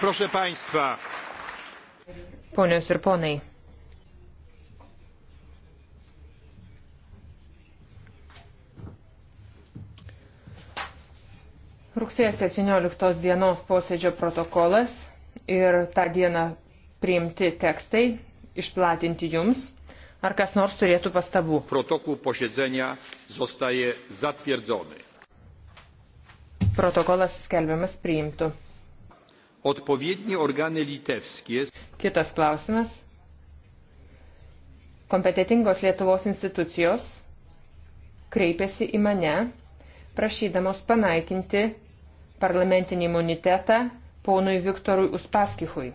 Proszę Państwa. Ponios ir ponai. Rugsėjo 17 dienos posėdžio protokolas ir tą dieną priimti tekstai išplatinti jums. Ar kas nors turėtų pastabų? Protokol posėdzenio zostaje zatvirdzony. Protokolas skelbiamas priimtų. Odpowiednie organy litewskie. Kitas klausimas. Kompetitingos Lietuvos institucijos kreipėsi į mane, prašydamos panaikinti parlamentinį imunitetą ponui Viktorui Uspaskichui.